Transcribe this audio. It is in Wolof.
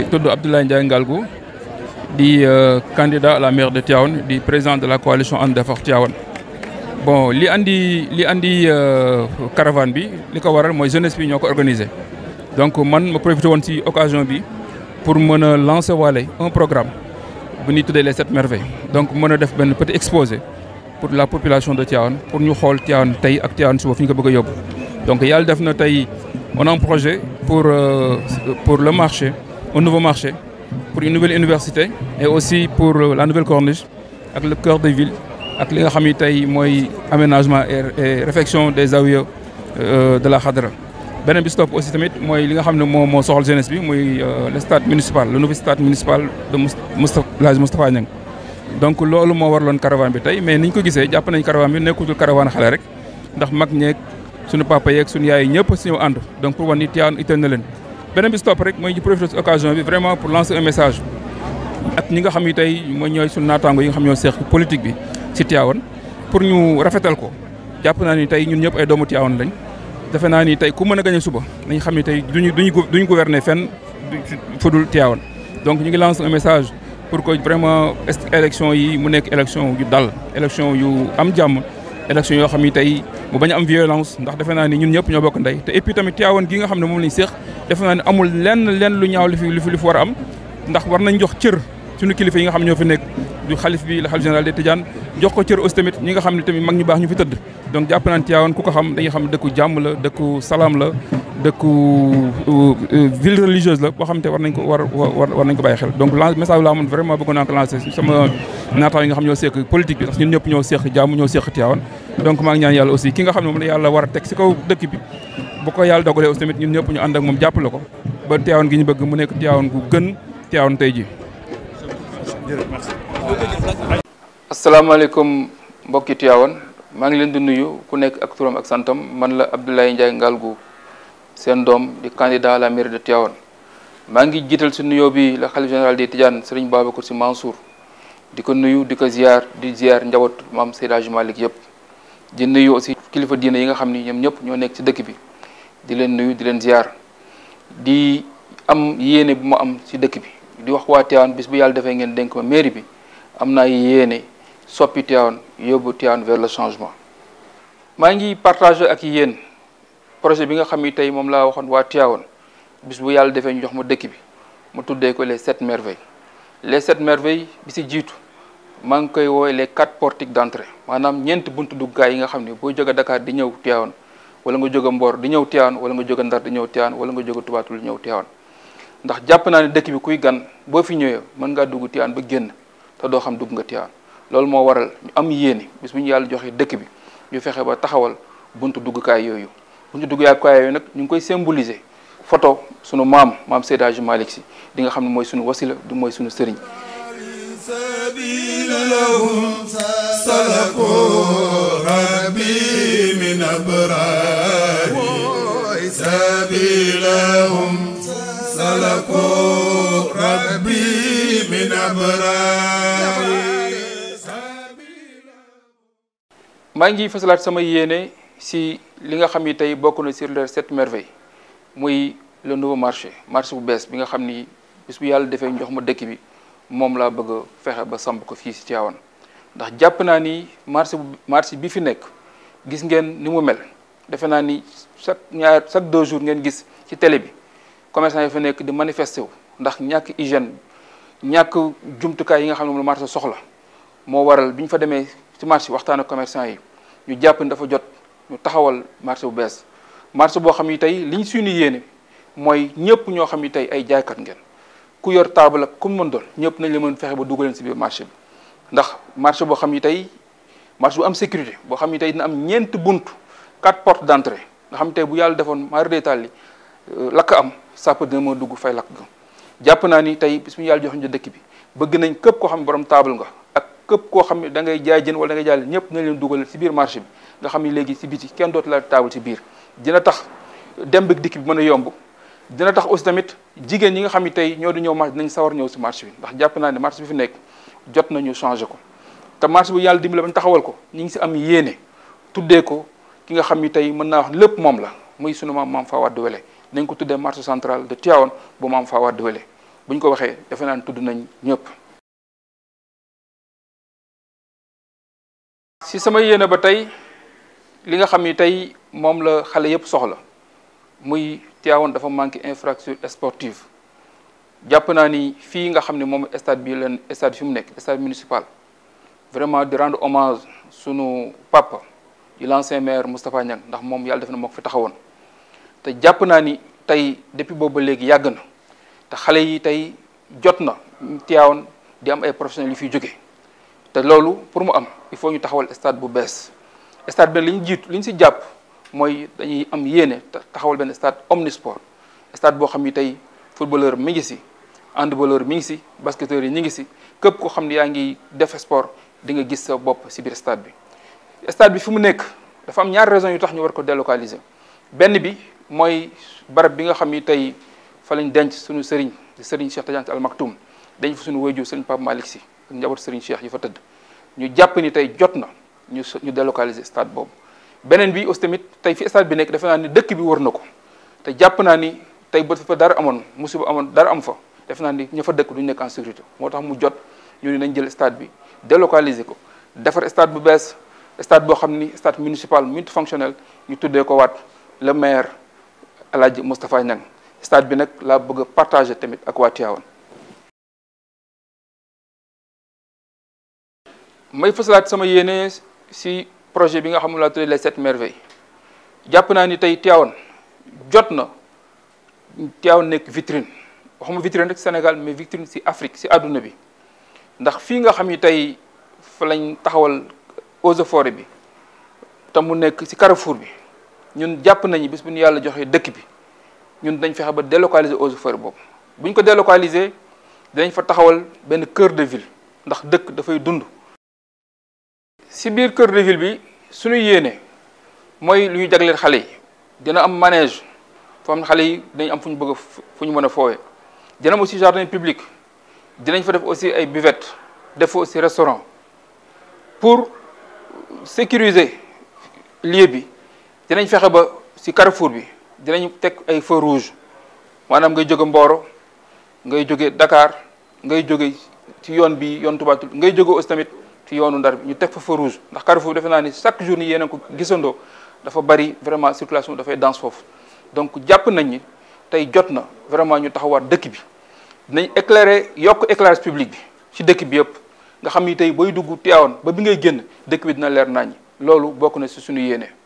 tudd Abdoulaye Ndiaye Ngalgou di euh, candidat la maire de Tivaouane di président de la coalition And Defar Tivaouane bon li andi li andi euh, caravane bi li ko waral mooy jeunesse bi ñoo ko organisé donc man ma profité woon si occasion bi pour mën a lancer waale un programme bu ñuy tuddee les sept merveilles donc mën a def benn petit exposé pour la population de Tivaouane pour ñu xool Tivaouane tey ak Tivaouane suba fi ñu ko bëgg a yóbbu donc yàlla def na tey on a projet pour euh, pour le marché au nouveau marché, pour une nouvelle université et aussi pour euh, la nouvelle corniche ak le cœur de ville ak li nga xam ni tey mooy aménagement et réfection des zawiya euh, de la xadra beneen bi si topp aussi tamit mooy li nga xam ne moo moo soxal jeunesse bi mooy euh, le stade municipal le nouveau stade municipal de Moustapha El Hadj Moustapha Niang donc loolu moo warloon caravane bi tey mais ni ñu ko gisee jàpp nañ caravane bi nekkutul caravane xale rek ndax mag ñeeg suñu papa yeeg suñu yaay ñëpp si ñëw ànd donc pour wan ni tiyaan itteel na leen beneen bi si rek mooy ñu profité si occasion bi vraiment pour lancer un message ak ñi nga xam ni tey mooy ñooy suñu naataango yi nga xam ñoo seex politique bi si Tivaouane pour ñu rafetal ko jàpp naa ni tey ñun ñëpp ay doomu Tivaouane lañ defe naa ni tey ku mën a gañe suba nañ xam ni tey duñu duñu duñu gouverner fenn fudul Tivaouane donc ñu ngi lancer message pour que vraiment élection yi mu nekk élection yu dal élection yu am jàmm élection yoo xam ni tey mu bañ a am violence ndax defe naa ni ñun ñëpp ñoo bokk ndey te et puis tamit Tivaouane gi nga xam ne moom lañ seex defe naa ne amul lenn lenn lu ñaaw li fi lu fi war a am ndax war nañ jox cër suñu kilifa yi nga xam ñoo fi nekk du xalif bi la xalif général des Tidianes jox ko cër aussi tamit ñi nga xam ne tamit mag ñu baax ñu fi tëdd donc jàpp naan Tivaouane ku xam dañuy xam dëkku jàmm la dëkku salaam la dëkku euh, euh, ville religieuse la boo xam te war nañ ko war xel donc message la amoon vraiment bëggoon naa ko lancer sama naataaw yi nga xam ñoo seq politique bi parce que ñun ñëpp ñoo seq jàmm ñoo seq Tivaouane donc maa ngi ñaan yàlla aussi ki nga xam ne moom la war a teg si kaw dëkk bu ko yàlla dogalee aussi tamit ñun ñëpp ñu ànd ak moom jàppale ko ba Tivaouane gi ñu bëgg mu nekk Tivaouane gu gën Tivaouane tey ji asalaamaaleykum mbokki Tivaouane maa ngi leen di nuyu ku nekk ak turam ak santam man la Abdoulaye Ndiaye Ngalgou seen doom di candidat la mairie de Tivaouane maa ngi jiital si nuyoo bi la xalif général di Tidiane Serigne Babacar Sy Mansour di ko nuyu di ko ziar di ziar njaboot maam Seydi Hadji Malick yëpp di nuyu aussi kilifa diine yi nga xam ni ñoom ñëpp ñoo nekk ci dëkk bi di leen nuyu di leen ziar di am yéene bu ma am ci dëkk bi di wax waa Tivaouane bis bu yàlla defee ngeen dénk ma mairie bi am naa yéene soppi Tivaouane yóbbu Tivaouane vers le changement. maa ngi partager ak yéen projet bi nga xam ni tey moom laa waxoon waa Tivaouane bis bu yàlla defee ñu jox ma dëkk bi mu tuddee ko les sept merveilles les sept merveilles bi si jiitu maa ngi koy woowee les quatre portiques d'entrée maanaam ñeent buntu duggaay yi nga xam ni boo jógee Dakar di ñëw Tivaouane. wala nga jóge Mboor di ñëw Tiwaawan wala nga jóge Ndar di ñëw Tiwaawan wala nga jóge Tuubaatul di ñëw Tiwaawan ndax jàpp naa ne dëkk bi kuy gan boo fi ñëwee mën ngaa dugg Tiwaawan ba génn te doo xam dugg nga Tiwaawan loolu moo waral ñu am yéene bis bu ñu yàlla joxee dëkk bi ñu fexe ba taxawal buntu duggukaay yooyu buntu duggukaay yooyu nag ñu ngi koy symboliser photo sunu maam maam Seydi Hadji Malick Sy di nga xam ne mooy sunu wasila du mooy sunu sëriñ الأبرار سبيلهم سلكوا ربي من أبرار maa sama yéene si li nga xam ni tey bokk na sur les sept merveilles muy le nouveau marché marché bu bees bi nga xam ni bis bu yàlla defee njox ma dëkk bi moom laa bëgg a fexe ba samp ko fii si Tivaouane ndax jàpp naa ni marché bu marché bi fi nekk gis ngeen ni mu mel defe naa ni chaque ñaar chaque deux jours ngeen gis ci télé bi commerçant yi fa nekk di manifester wu ndax ñàkk hygiène ñàkk jumtukaay yi nga xam ne moom marché soxla moo waral bi ñu fa demee ci marché waxtaan ak commerçant yi ñu jàpp ni dafa jot ñu taxawal marché bu bees marché boo xam yi tey liñ suñu yéene mooy ñëpp ñoo xam ni tey ay jaaykat ngeen ku yor table ak ku mën doon ñëpp nañ la mën fexe ba dugaleen si biir marché bi ndax marché boo xam tey marché bu am sécurité boo xam ne tey dina am ñeent bunt quatre portes d'entrée nga xam tey bu yàlla defoon mari détail li euh, lakk am sàpp dina mën dugg fay lakk jàpp naa ni tey bis bu yàlla jox ñu dëkk bi bëgg nañ képp koo xam ne borom table nga ak képp koo xam ne da jaay jën wala da ngay ñëpp nañ leen dugal si biir marché bi nga xam ne si biti kenn dootu laal table biir dina tax dem bi bi mën a yomb dina tax aussi tamit jigéen ñi nga xam ne tey ñoo di ñëw marché dinañ sawar ñëw si marché bi ndax jàpp naa ne marché bi fi nekk jot nañu changé ko te marché bu yàlla dimbale ba ñu taxawal ko ñu ngi si am yéene tuddee ko ki nga xam ni tey mën naa wax lépp moom la muy sunu maam maam Fawade Wele nañ ko tuddee marché central de Tivaouane bu maam Fawade Wele bu ñu ko waxee defe naan tudd nañ ñëpp. si sama yéene ba tey li nga xam ni tey moom la xale yëpp soxla muy Tivaouane dafa manqué infrastructure sportive jàpp naa ni fii nga xam ne moom stade bi la stade fi mu nekk stade municipal. vraiment di rendre hommage suñu papa di l'ancien maire Moustapha Niang ndax moom yàlla def na moo ko fi taxawoon te jàpp naa ni tey depuis boobu ba léegi yàgg na te xale yi tey jot na Tivaouane di am ay professionnels yu fiy jóge te loolu pour mu am il faut ñu taxawal stade bu bees stade bi li ñu jiitu li si jàpp mooy dañuy am yéene taxawal benn stade sport stade boo xam ni tey footballeur mi ngi si handballeur mi ngi si basketteur yi ñu ngi si képp koo xam ne yaa ngi def di nga gis sa bopp si biir stade bi stade bi fi mu nekk dafa am ñaari raison yu tax ñu war ko délocaliser benn bi mooy barab bi nga xam ni tey fa lañ denc suñu sëriñ di sëriñ Cheikh Tidiane Al Maktoum dañ fa suñu wayju sëriñ Pape Malick Sy ak njaboot sëriñ Cheikh yi fa tëdd ñu jàpp ni tey jot na ñu ñu délocaliser stade boobu beneen bi aussi tamit tey fi stade bi nekk defe naa ni dëkk bi wër na ko te jàpp naa ni tey ba fa dara amoon musiba amoon dara am fa defe naa ni ña fa dëkk duñu nekk en sécurité moo tax mu jot ñu ne nañ jël stade bi délocaliser ko defar stade bu bees stade boo xam ni stade municipal multifonctionnel ñu tuddee ko waat le maire El Hadj Moustapha stade bi nag laa bëgg a tamit ak waa Tivaouane. may fësalaat sama yéene si projet bi nga xam ne laa tuddee les sept merveilles jàpp naa ni tey Tivaouane jot na Tivaouane nekk vitrine waxuma vitrine rek Sénégal mais vitrine ci Afrique ci àdduna bi. ndax fii nga xam ni tey fa lañ taxawal eaux et bi te mu nekk ci carrefour bi ñun jàpp nañu bis bu ñu yàlla joxee dëkk bi ñun dañ fexe ba délocaliser eaux et forêt boobu bu ko délocaliser dinañ fa taxawal benn cœur de ville ndax dëkk dafay dund. ci biir cœur de ville bi suñu yéene mooy lu ñu jagleel xale yi dina am manège foo xale yi dañ am fu ñu bëgg a fu ñu mën a foowee dina am aussi jardin public. dinañ fa def aussi ay buvette def fa aussi restaurant pour sécuriser lieu bi dinañ fexe ba ci carrefour bi dinañ teg ay feu rouge maanaam ngay jóge Mboro ngay jóge dakaar ngay jóge ci yoon bi yoon Touba Toul ngay jóge aussi tamit ci yoonu Ndar bi ñu teg fa feu rouge ndax carrefour bi defe naa ni chaque jour ni yéen ko gisandoo dafa bari vraiment circulation dafay danse foofu donc jàpp nañ ni tey jot na vraiment ñu taxawaat dëkk bi dinañ éclairer yokk éclairage public bi ci dëkk bi yëpp nga xam ni tey booy dugg Tivaouane ba bi ngay génn dëkk bi dina leer naññ loolu bokk na si suñu yéenee